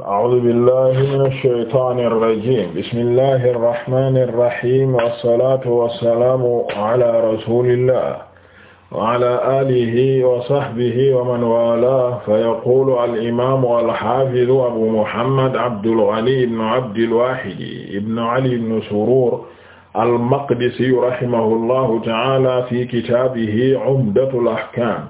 أعوذ بالله من الشيطان الرجيم بسم الله الرحمن الرحيم والصلاة والسلام على رسول الله وعلى آله وصحبه ومن والاه فيقول الإمام الحافظ أبو محمد عبد الغني بن عبد الواحد بن علي بن سرور المقدسي رحمه الله تعالى في كتابه عمدة الأحكام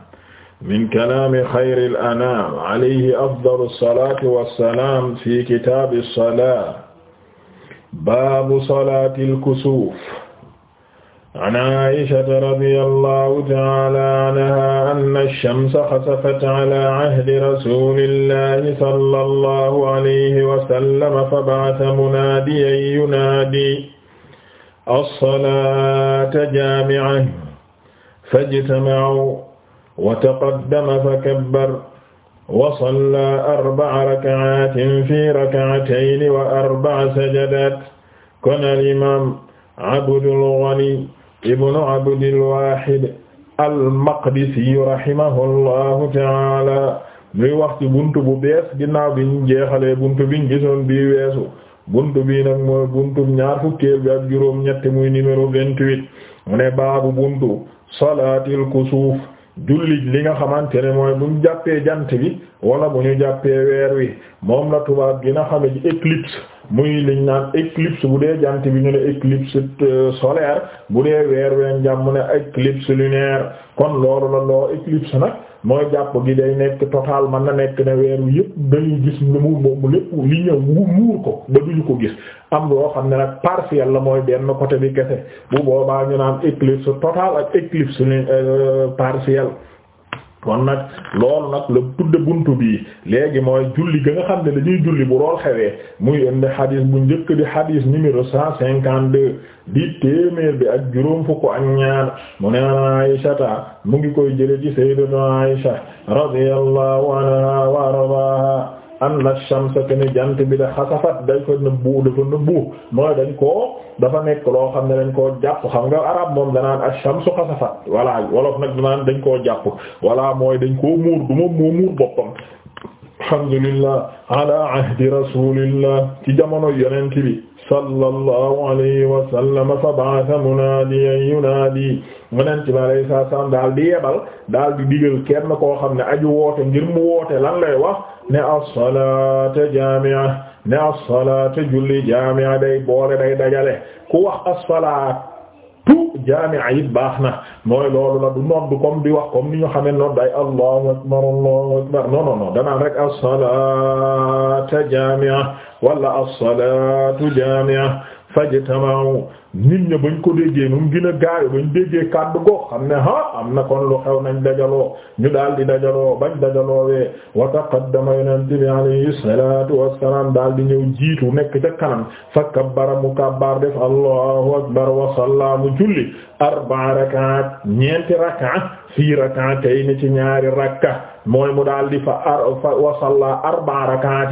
min kalaami xayril anaam alayhi afdalu salaati wa salaam fi kitaabi salaa baabu salaatil kusuuf an Aysata radiyallaahu ta'aalaa anhaa anna ash-shamsa xasafat alaa ahdi rasuulillaahi sallallaahu alayhi wa sallam faba'atha munaadiyan yunaadii as-salaata jaami'atan fajtama'uu wa taqaddama fa kabbar wa salla arba'a raka'atin fi raka'atayn wa arba'a sajadat kon al-imam Abdul Ghani ibnu Abdil Wahid al-Maqdisi rahimahullahu ta'ala muy wax ci buntu bu bees ginnaaw bi ñu jeexalee buntu bi ñu gisoon bii weesu buntu bii nag mooy buntu ñaar fukkeel bi ak juróom ñett muy numéro vingt-huit mu ne baabu buntu salaatil kusuuf julli li nga xamante ne mooy bu ñu jàppee jant bi wala bu ñu jàppee weer wi moom la tubaab gi na xame ci éclipse muy liñ naan éclipse bu dee jant bi ñu ne éclipse euh, solaire bu dee weer ween jàmm ne éclipse lunaire kon loolu la loo éclipse nag mooy jàpp gi day nekk total man na nekk ne weer wi yëpp dañuy gis lu mu lépp li ñëw mu muur ko ba duñu ko gis am loo xam ne nag partiel la mooy benn côté bi kese bu boobaa ñu naan éclipse total ak éclipse euh, partiel kon nag lool nag la tudde buntu bi léegi mooy julli ga nga xam ne dañuy julli bu lool xewee muy indi xadis bu njëkk di xadis numéro cent cinquante deux di téeméer bi ak juróom fukk ak ñaar mu ne Aysata mu ngi koy jële ci sayyidatu Aysa radiyallahu anha wa ardaha an la shamsa ne jant bi da xasafat dañ ko nëbbu dafa nëbbu mooy dañ koo dafa nekk loo xam ne dañ ko jàpp xam nga arab moom danaan ash-shamsu xasafat walla wolof nag danaan dañ koo jàpp walaa mooy dañ koo muur du moom moo muur boppam alhamdulillah ala ahdi rasulillah ci jamono yeneen bi sallallahu alayhi wa sallam fa ba'atha munaadiyan yunaadi yonent bi alayhi salaam daal di yebal daal di digal kenn koo xam ne aju woote ngir mu woote lan lay wax ne as-salaatu jaami'a ne as-salaatu julli jaami'a day boole day dajale ku wax as tu jaami'a it baax na mooy loolu la du noddu comme di wax comme ni ñu xamee noddu ay allahu akbar allahu akbar non non non danaan rek as-salaata jaami'a wala as-salaatu jaami'a fajtama'u nit ña bañ ko déggee nu mu gën a bañ déggee kàddu go xam ne ha am na kon lu xew nañ dajaloo ñu daal di dajaloo bañ dajaloowee wa taqaddama yonent bi alayhi salatu wassalam daal di ñëw jiitu nekk ca fa kabbara mu kabbar def allahu akbar wa mu julli arba rakaat ñeenti rakaat fii rakaatayni ci ñaari rakka mooy mu daal di fa fa wa salla arba rakaat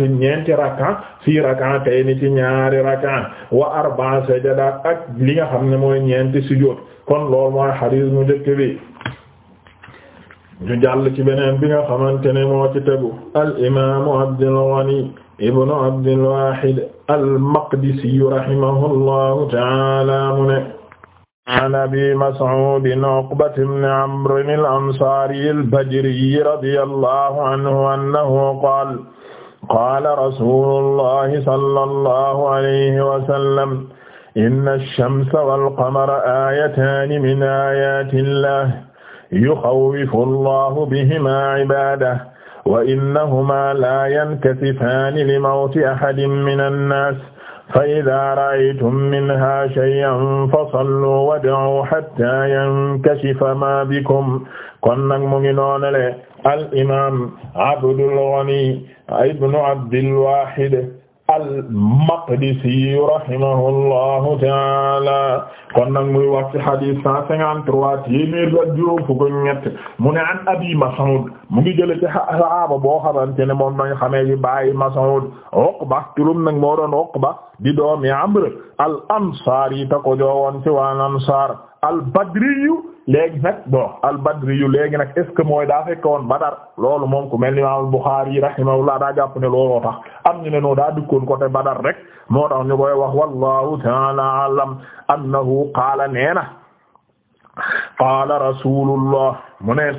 fii rakaatayni ci ñaari rakka wa arba sajada ak li nga xam ne mooy ñeenti sujjóot kon loolu mooy xadiis mu njëkk bi ñu jàll ci beneen bi nga xamante ne moo ci tegu al imaamu Abdul Ghani ibnu Abdul Wahid al Maqdisi rahimahullahu ta'ala mu ne an abi Mas'ud Uqbat ibn Amr al Ansari al Badri radiyallahu anhu annahu qaala qaala rasuulullahi sallallahu alayhi wa sallam inna ash-shamsa wal-qamara aayataani min aayaati llaah yuxawwifu llaahu bihimaa cibaadahu wa innahumaa laa yankasifaani limawti ahadin mina nnaas fa-izaa ra'aytum minhaa shay'an fasalluu wad'uu hattaa yankashifa maa bikum kon nag mu ngi noonale al imaam Abdul Ghani ibnu Abdil Waahid al-Maqdisi rahimahullahu taala kon nag muy wax ci hadith cent cinquante-trois téeméer ak juróom fukk ak ñett mu ne an Abi Mas'ud mu ngi jële ci sahaaba boo xamante ne moom nañ xamee ci bàyyi Mas'ud Uqba turum nag moo doon Uqba di doomi Amr al-Ansari ta ko joowoon ci waan Ansar al-Badri léegi nag bon albadri yu léegi nag mooy daa fekk woon badar loolu moom ku mel ni imaam Buxaari yi daa jàpp ne looloo am ñu ne noo daa dikkoon côté badar rek moo tax ñu koy wax wallahu ta'ala a'lam annahu qaala neena qaala rasulullah mu ne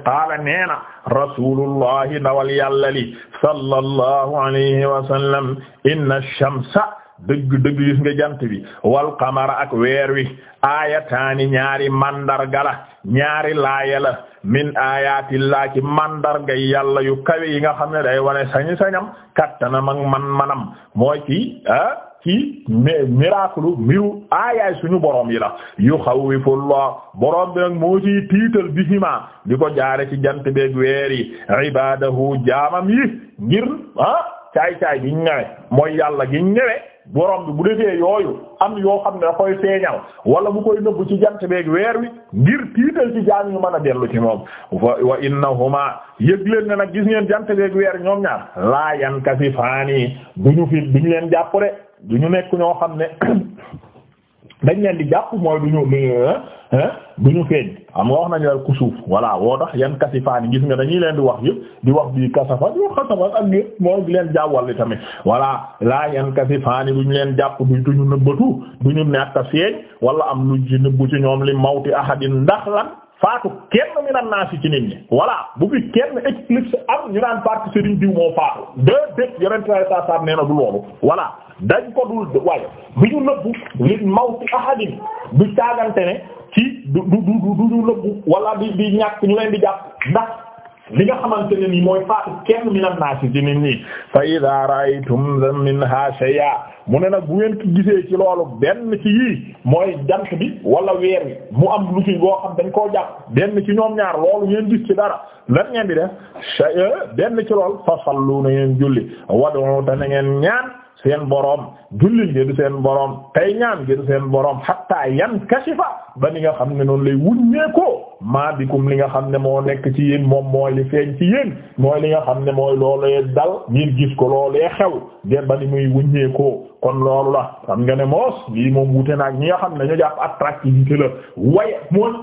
li sallallahu alayhi wa sallam inna ash dëgg dëgg gis nga jant bi wal qamara ak weer wi aayataani ñaari mandarga la ñaari laaya la min aayatillaa ci mandarga yàlla yu kawe yi nga xam ne day wane sañ-sañam kattanam ak man-manam mooy ci ah ci miracle mbiru aayaay suñu borom yi la yu xawwifullah borom bi nag moo ci tiital bihima di ko jaare ci jant beeg weer yi ibadahu jaamam yi ngir ah caay caay gi ñëwee mooy yàlla gi ñëwee borom bi bu defee yooyu am yoo xam ne da koy feeñal wala bu koy nëbb ci jant beeg weer wi ngir tiital ci jaam ñu mën a dellu ci moom wa innahuma yëg leen na nag gis ngeen jant beeg weer ñoom ñaar laa yan kasi faani duñu fi ñu leen jàpp de ñu nekk ñoo xam ne dañ leen di jàpp mooy duñu bu ñu feeñ am nga wax nañu la kusuuf voilà woo tax yan kasifaani gis nga dañuy leen di wax yëpp di wax bii kasafa yoo xasafa ak yëpp moo di leen jàwwalli tamit voilà laa yan kasifaani duñu leen jàpp du duñu nëbbatu duñu nekk a feeñ am lu ci nëbbu ci ñoom li mawti ahadin ndax lan faatu kenn mi nan naa si bu fi ñu naan faatu Serigne diw moo faatu deux na du loolu voilà dañ ko dul waaye ñu nëbbu li mawti ahadin du caagante ne ci du du du du du lëbbu wala di di ñàkk ñu leen di jàpp ndax li nga xamante ne nii mooy faatu kenn mi na naasi ci nit ñi fa idaa ra'aytum minhaa shay'a mu ne nag bu ngeen ki gisee ci loolu benn ci yii mooy jant bi walla weer wi mu am lu ci xam dañ koo jàpp benn ci ñoom ñaar loolu ngeen gis ci dara lan ngeen di def eh, benn ci lool fa sallu na ngeen julli wad'u te na ngeen ñaan seen boroom julli ngir seen boroom tey ñaan ngir seen boroom ba ni nga xam ne noonu lay wuññee ko maa bikum li nga xam ne moo nekk ci yéen moom mooy li feeñ ci yéen mooy li nga xam ne mooy loolee dal ngir gis ko loolee xew ngeen ba ni muy wuññee kon loolu la xam nga ne moos lii moom wute ñi nga xam ne ñu jàpp attractivité la waaye mooy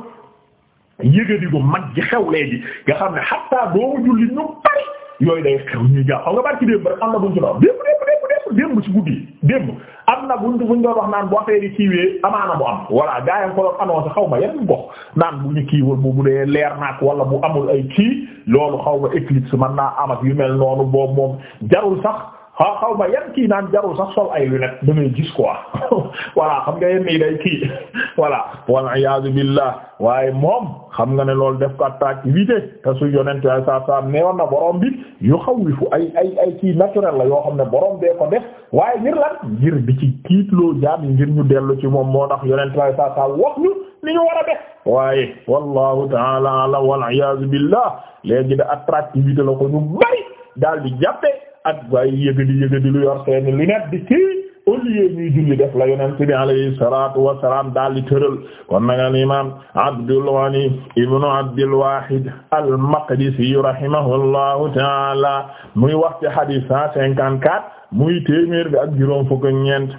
yëgadi mag gi xew léegi nga xam ne xatta doomu julli ñu bari yooyu day xew ñuy jàpp xam nga barki ci démb démb démb démb ci guddi démb am na buntu buñ doon wax naan bu affaire yi kiiwee amaana mu am voilà gaa yi ko doon annoncé xaw ma yan gox naan bu ñu kiiwal bu bu dee leer naag wala bu amul ay kii loolu xaw ma éclipse mën naa amat yu mel noonu boobu moom jarul sax. xaw xaw ma yan kii naan jarul sax sol ay lunettes da ngay gis quoi voilà xam nga yenn yi day kii voilà wal iyaazu billah waaye moom xam nga ne loolu def ko attractivité te su yonent ay saa saa neewoon na borom bi yu xawwifu ay ay ay kii naturel la yoo xam ne borom bee ko def waaye ngir lan ngir bi ci kiitloo jaam yi ngir ñu dellu ci moom moo tax yonent ay saa saa wax ñu ni ñu war a def waaye wallahu taala alam wal iyaazu billah léegi da attractivité la ko ñu bari daal di jàppe ak waaye yëgadi yëgadi lu yor seeni lunette di kii au lieu ñuy julli def la yonent bi alayhi salatu wassalam daal di tëral kon nag al imam Abdul Ghani ibnu Abdil Wahid al-Maqdisi rahimahullahu taala muy wax ci hadith cent cinquante-quatre muy téeméer bi ak juróom fukk ak ñeent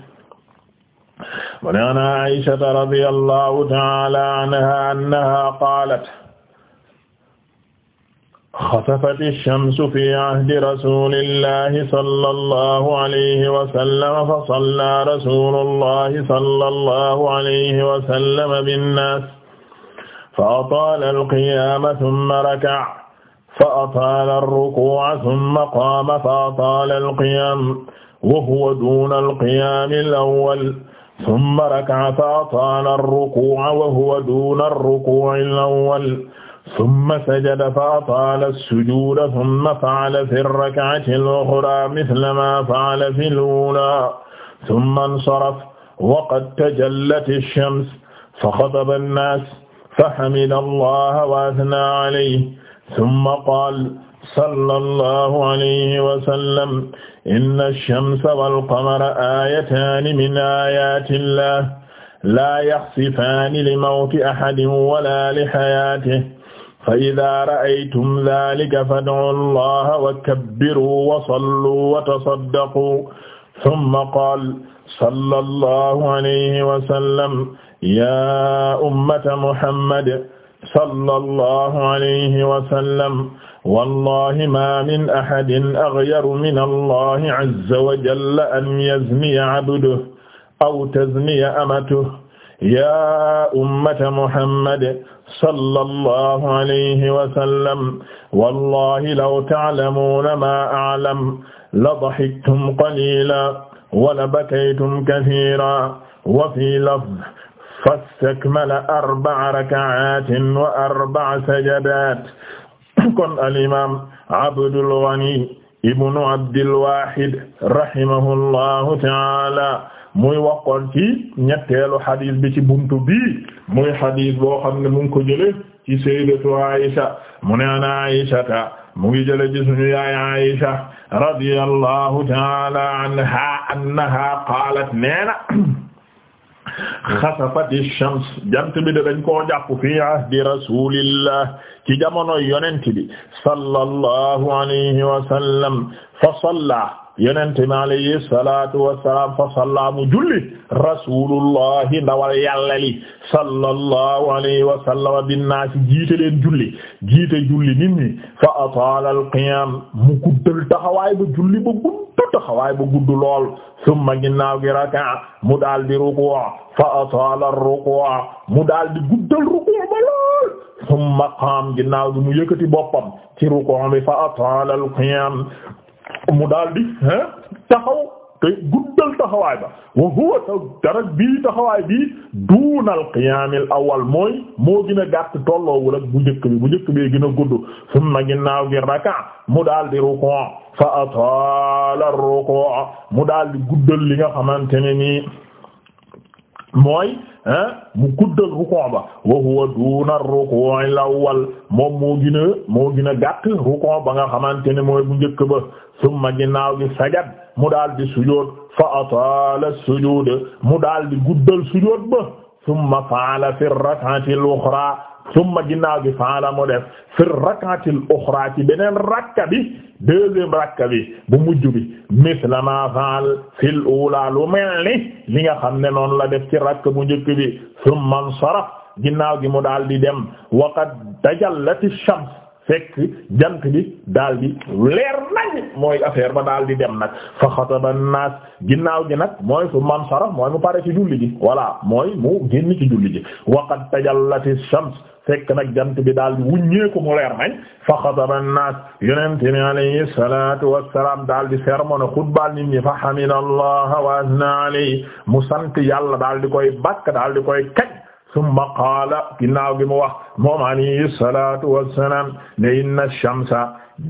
mu ne an Aisha radiyallahu taala anha annaha qalat xatafati shamsu fi ahdi rasulillahi sallallahu alayhi wa sallam fa salla rasulullahi sallallahu alayhi wa sallam binnaas fa ataala alqiyaama summa raka'a fa ataala arrukuu'a summa qaama fa ataala alqiyaam wa huwa duuna alqiyaami alawwal summa raka'a fa ataala arrukuu'a wa huwa duuna arrukuu'i alawwal summa sajada fa ataala sujuuda summa fa'ala fi rak'ati al-uxraa misla maa fa'ala fi al-uulaa summa insarafa wa qad tajallati ash-shams fa xataba an-naas fa hamida Allaha wa athnaa alayhi summa qaala sallallahu alayhi wa sallam inna ash-shamsa wal-qamara aayataani min aayaati Llaahi laa yaxsifaani li mawti ahadin wa laa li hayaatihi fa idaa ra'aytum dhaalika fad'uu llaaha wa kabbiruu wa salluu wa tasaddaquu thumma qaala sallallaahu alayhi wa sallam yaa ummata muhammad sallallaahu alayhi wa sallam wallaahi maa min ahadin aghyaru mina llaahi azza wa jalla an yazniya abduhu aw tazniya amatuhu yaa ummata muhammad sallallahu alayhi wa sallam wallahi law ta'lamuuna maa a'lam la dahiktum qaliilan wa la bakaytum kathiiran wa fii lafdin fastakmala arba'a raka'aatin wa arba'a sajadaat kon al-imaam Abdul Ghani ibnu Abdil Waahid rahimahullahu ta'aala muy waxoon ci ñetteelu xadis bi ci buntu bii muy xadis boo xam ne mu ngi ko jële ci sayyidatu Aisha mu ne ana Aisha ta mu ngi jële ci suñu yaay Aisha radiyallahu ta'ala anha annaha qaalat neena xasafati shams jant bi de dañ koo jàpp fii ahdi rasulillah ci jamono yonent bi sallallahu alayhi wa sallam fa salla yonente mi alayhi salatu wassalam fa sallamu julli rasulullahi ndawal yàlla li sallallahu alayhi wa sallama binnaasi jiite leen julli jiite julli nit ñi fa ataala alqiyam mu guddal taxawaay ba julli ba gudd taxawaay ba gudd lool summa ginnaaw gi raka mu daal di ruku fa ataala ar-ruku mu daal di guddal ruku ba lool summa qaam ginnaaw gi mu yëkkati boppam ci ruku bi fa ataala alqiyam mu daal di taxaw te guddal taxawaay ba wa huwa taw dara bii taxawaay bii duunal qiyaamil awal mooy moo gën a gàtt tolloowul ak bu njëkk bi bu njëkk bee gën a gudd summa ginnaaw gi raka mu daal di rukuu fa ataala rukuu mu daal guddal li nga xamante ne nii mooy mu guddal rukon ba wa huwa duna rukon al awwal moom moo gina a moo gën rukon ba nga xamante ne mooy bu njëkk ba summa ginnaaw gi sajad mu daal di sujood fa ataala sujood mu daal di guddal sujood ba summa faala fi rak'ati al-ukhra summa ginnaaw gi faala mu def fi rak'ati al-ukhra ci beneen rakka bi deuxième rakka bi bu mujj bi misla ma faal fi al-ula lu mel ni li nga xam ne noonu la def ci rakka bu njëkk bi summa nsaraf ginnaaw gi mu daal di dem waqad tajallat ash-shams fekk jant bi daal di leer nañ mooy affaire ba daal di dem nag fa xataba naas ginnaaw gi nag mooy su man mooy mu pare ci julli ji voilà mooy mu génn julli ji waqad tajallati shams fekk nag jant bi daal di wuññeeku mu leer nañ fa xataba naas yonente ni alayhi salatu wassalam sermona xutbaal nit fa hamida allah wa asna mu sant yàlla daal di koy bakk daal koy kaj summa qaala ginnaaw gi mu wax moom alayhi salaatu wassalaam ne inna shamsa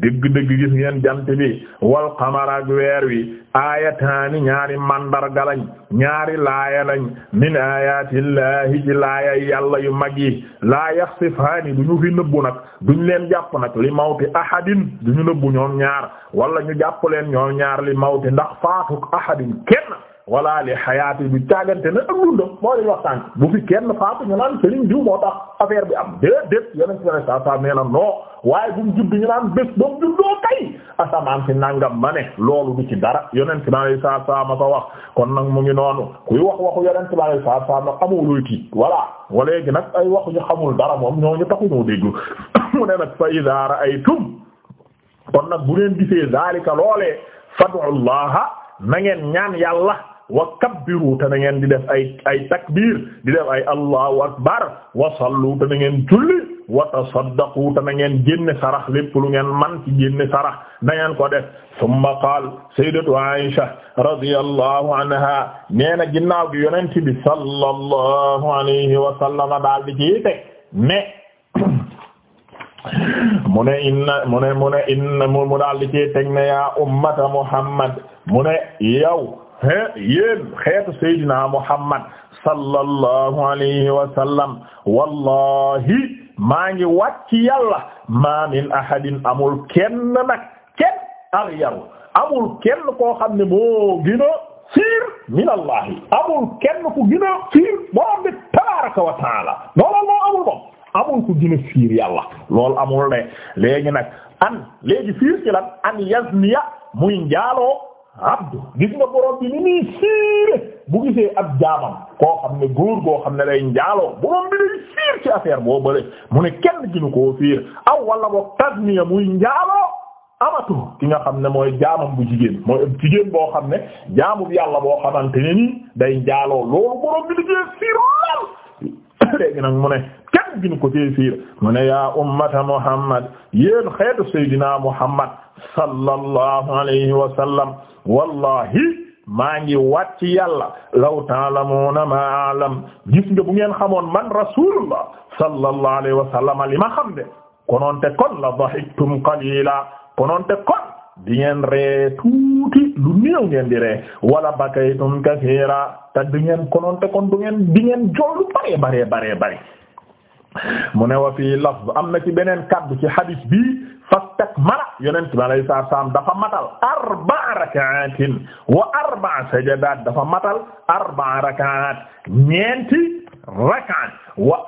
dëgg-dëgg gis ngeen jant bi wal qamara ak weer wi aayataani ñaari mandarga lañ ñaari laaya lañ min aayaatillaahi ci laaya yàlla yu mag yi laa yaxsifaani du ñu fi nëbbu nag duñ leen jàpp nag li mawti ahadin du ñu nëbbu ñoom ñaar wala ñu jàpp leen ñoom ñaar li mawti ndax faatuk ahadin kenn wala li xayaati bi càggante na ak dundam moo dañ wax tànk bu fi kenn faatu ñu naan Serigne Diou moo tax affaire bi am déedéet yeneen si ne saa saa nee na non waaye bu mu judd ñu naan bés ba mu juddoo kay asamaan si nangam ma ne loolu du ci dara yeneen si naa saa saa ma ko wax kon nag mu ngi noonu kuy wax waxu yeneen si naa saa saa nag amuloo kii voilà wala gi nag ay waxu ñu xamul dara moom ñoo ñu taxuñoo déglu mu ne nag fa bu ngeen gisee zaalika Allah na ngeen ñaan yàlla. wa kabbiru te na ngeen di def ay ay takbir di def ay allahu akbar wa sallu te ngeen julli wa tasaddaqu te na ngeen génne sarax lépp lu ngeen man ci génne sarax ko def summa qaal sayyidatu Aisha radiyallahu anha nee na ginnaaw gi yonent bi sallallahu alayhi wa sallama daal di ci teg mais mu ne inna mu ne mu ne inna mu daal di ci teg ne ya ummata Muhammad mu ne yow yéen xeetu Seydina Muhammad sallallahu alayhi wa sallam wallahi maa ngi wàcc yàlla ma min ahadin amul kenn nag kenn amul kenn koo xam ne boo gën a fiir min amul kenn ku gën a fiir borom bi wa taala loolu amul moom amul ku gën a fiir yàlla amul ne léegi nag an léegi fiir ci lan an yazniya muy njaaloo abdu gis nga borom bi ni muy bu gisee ab jaamam koo xam ne góor goo xam ne lay njaaloo borom bi lay siir ci affaire boo bële mu ne kenn ginu koo fiir aw wala boog tasmiya muy njaaloo amatu ki nga xam ne mooy jaamam bu jigéen mooy jigéen boo xam ne jaamu yàlla boo xamante ne nii day njaaloo loolu borom bi liggéey siir lool léegi nag mu ne kenn ginu ko ci fiir mu ne yaa ummata muhammad yéen xeetu seydina muhammad sallallahu alayhi wa sallam maa ngi wàcc yàlla law ta'lamuna ma a'lam gis nga ngeen xamoon man rasulullah sallallahu alayhi wa sallam li te kon la dahiktum qalila konoon te kon di ngeen ree tuuti lu néew ngeen wala bakaytum kasiira te di ngeen kononte kon du ngeen di ngeen jooy lu bare bare bare mu ne wa fii lafz am na ci beneen kaddu ci hadis bi fastakmala yonent bi alayhi salaatu salaam dafa matal arba'a wa sajadaat dafa matal arba'a rak'at ñeenti wa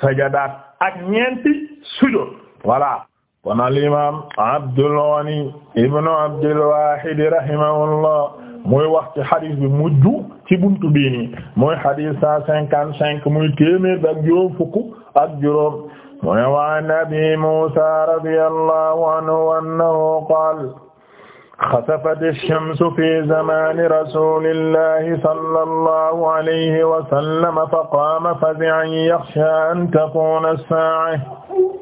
sajadaat ak ñeenti sujud voilà kon al imaam Abdul Ghani ibn Abdul Wahid rahimahullah muy wax ci xadis bi mujj ci buntu bii nii muy xadis cent cinquante cinq muy téeméer ak juróom fukk ak juróom mu ne waan Abi Muusaa radiyallahu anhu annahu qaala xasafat ash-shamsu fi zamaani rasuulillahi sallallahu alayhi wa sallam fa qaama fazi'an yaxshaa an takuuna as-saa'a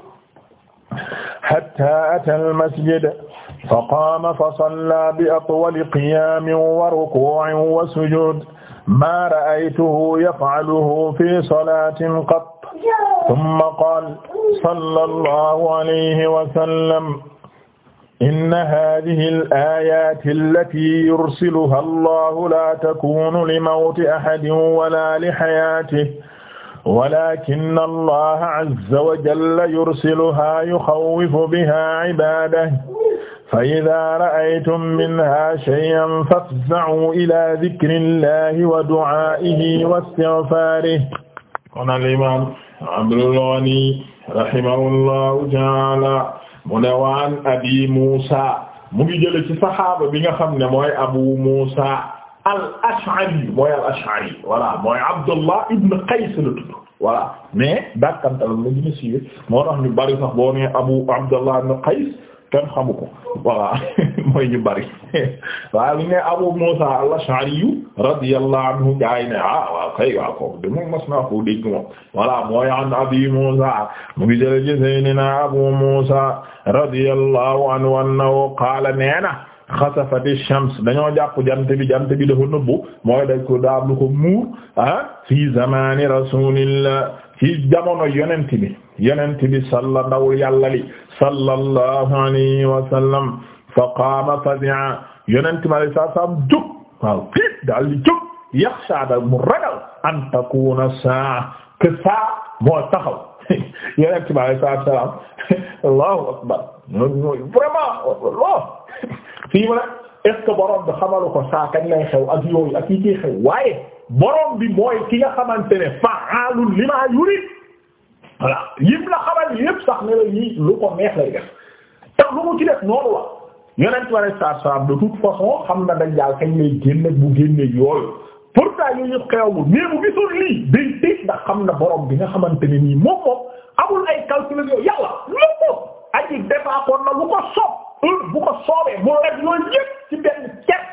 hatta atal masjid fa qaama fa salla bi atwali qiyaamin wa rukuu'in wa sujuud maa ra'aytuhu yaf'aluhu fii salaatin qatt summa qaala sallallahu alayhi wa sallam inna haadihi al-aayaati allatii yursiluhaa Allahu laa takuunu li mawti ahadin wa laa li hayaatihi walakin allaha azza wa jalla yursiluha yuxawwifu biha ibadah fa ida raaytum minha shay'an fafza'u ila dikrillahi wa du'aa'ihi wa istighfaarihi kon al-imaam Abdul Ghani rahimahullahu ta'aala mu ne waan abi Muusa mu ngi jële ci saxaaba bi nga xam ne mooy abu Muusa al-Ash'ari mooy al-Ash'ari voilà mooy Abdullah ibn Qays la tudd voilà mais dàkkantalam la gën a siiwe moo tax sax boo Abu Abdallah ibn Qays kenn xamu ko mooy ñu bari Abu Musa al-Ash'ari radiyallahu anhu gaa ah waaw kay waaw kooku de moom mas naa koo dégg moom voilà mooy an Musa mu ngi jële ci Abu Musa radiyallahu anhu annahu qaala neena xasafati shams dañoo jàpp jant bi jant bi dafa nëbbu mooy dañ ko daam lu ko muur ah fi zamani rasulillah ci jamono yonent bi yonent bi salla ndawul yàlla li sallallahu alayhi wa sallam fa qaama fazia yonent bi alayhi salaam jóg waaw tiit daal di jóg yaxsha daal mu ragal an takuna saa que saa moo taxaw yonent bi alayhi salaam allahu akbar vraiment fii ma ne est bi xamalu ko saa kañ lay xew ak yooyu ak yi ciy xew waaye borom bi mooy ki nga xamante ne fa'aalun limaa yurid voilà yim la xamal yépp sax ne la yii lu ko neex lay def tax lu mu ci def noonu la yonent wala saa saa yooyu pourtant yooyu yëpp xewul mais bu gisul ndax xam na borom bi nga xamante ne nii moom moom amul ay calcul yooyu yàlla lu ko aji defaa ko na lu ko soob. heure bu ko soobee mu def yooyu yëpp ci ket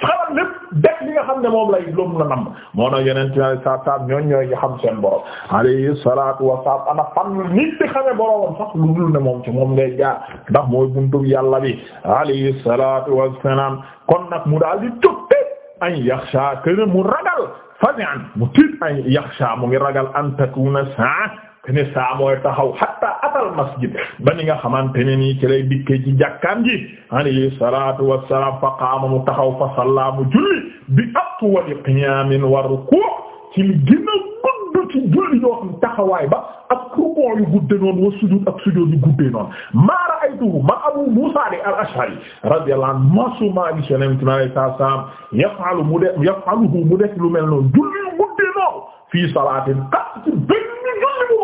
xamal lépp def li nga xam ne moom lay loom la moo na yeneen ci sa sa ñooñ ñooy xam seen borom alayhi salaatu wasalaam ana fan nit di xamee ne moom ci moom ngay jaar ndax mooy buntu yàlla bi alayhi salaatu wasalaam kon nag mu daal di tuppee an yaxsha kene mu ragal fazi'an mu tiit an yaxsha mu ngi ragal an takuna saa ne saa mooy taxaw hatta atal masjid ba ni nga xamante ne nii ci lay dikkee ci jàkkaan ji alayhi salatu wassalam fa qaama mu taxaw fa salla mu julli bi atwali qiyaamin wa rukuu ci li gën a gudd ci julli yoo xam taxawaay ba ak rukuu yu guddee noonu wa sujuud ak sujuud yu guddee noonu maa ra'aytuhu ma abu muusa de al-ash'ari radiyallahu anhu masuma bi senen tuma lay sa salam yaf'alu mu def yaf'aluhu mu def lu mel noonu julli yu guddee noonu fii salaatin qat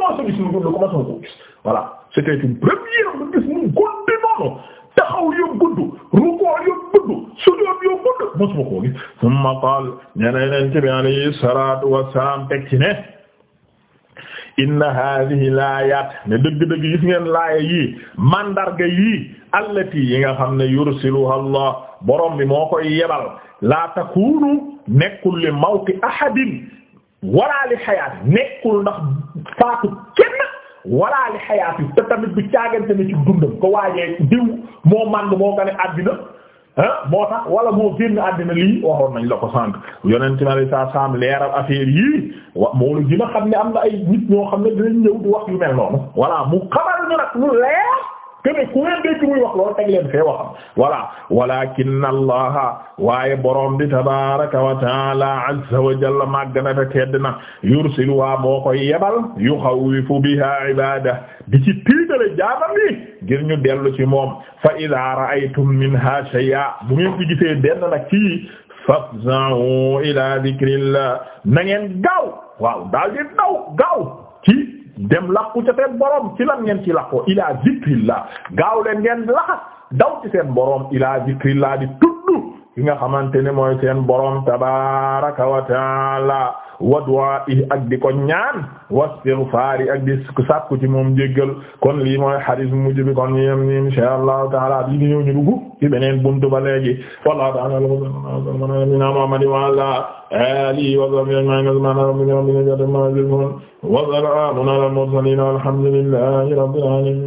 commencé gis lu dul commencé ko gis voilà c'était une première bu gis mu gudd noonu taxaw yu gudd rukoo yu gudd sujoot yu gudd mosuma koo gis summa qaal ñeneen leen ci bi alayhi salaatu wassalaam teg ci ne inna hadhihi laayat ne dëgg-dëgg gis ngeen laaya yii mandarga yii allati yi nga xam ne yursiluha allah borom bi moo koy yebal laa takunu nekkul li mawti ahadin wala li xayaat nekkul ndax faatu kenn walla li xayaat yi te tamit bi caagante ne ci dundam ko waajee diw moo màng moo gane àddina ah moo tax wala moo génn àddina lii waxoon nañ la ko sànq yonent mi alayhi salaatu salaam leeral affaire yii moo la gën xam ne am na ay nit ñoo xam ne dinañ ñëw di wax yu mel noonu. voilà mu xamal ñu nag lu leer. kene ku ngeen dégg muy wax loolu teg leen fee waxam voilà walakin allaha waaye boroom bi tabaraka wa taala azza wa jalla màgg na te tedd na yursil waa moo koy yebal yuxawifu biha ibada di ci tiitale jaamam bi ngir ñu dellu ci moom fa ida raaytum minha shay'a bu ngeen ci gisee benn nag ci fafza'u ila dhikrillah na ngeen gaaw waaw daal di daw gaaw ci dem làqu ca seen borom ci lan ngeen ci làqoo ilaa zikrillah gaaw leen ngeen laxas daw seen borom ilaa zikrillah di tudd ki nga xamante ne mooy seen borom tabaraka wa taala wa du'aa'i ak di ko ñaan wa istighfaari ak di sàkku ci moom jéggal kon lii mooy hadis mujj bi kon yem ni insha allahu taala bi ñu ñëw ñu dugg ci beneen buntu ba léegi wallahu ta'ala nabiyina muhammadin wa ala alihi wa sahbihi ajma'in subhana rabbika rabbil izzati amma yasifun wa salamun ala al mursalin walhamdulillahi rabbil alamin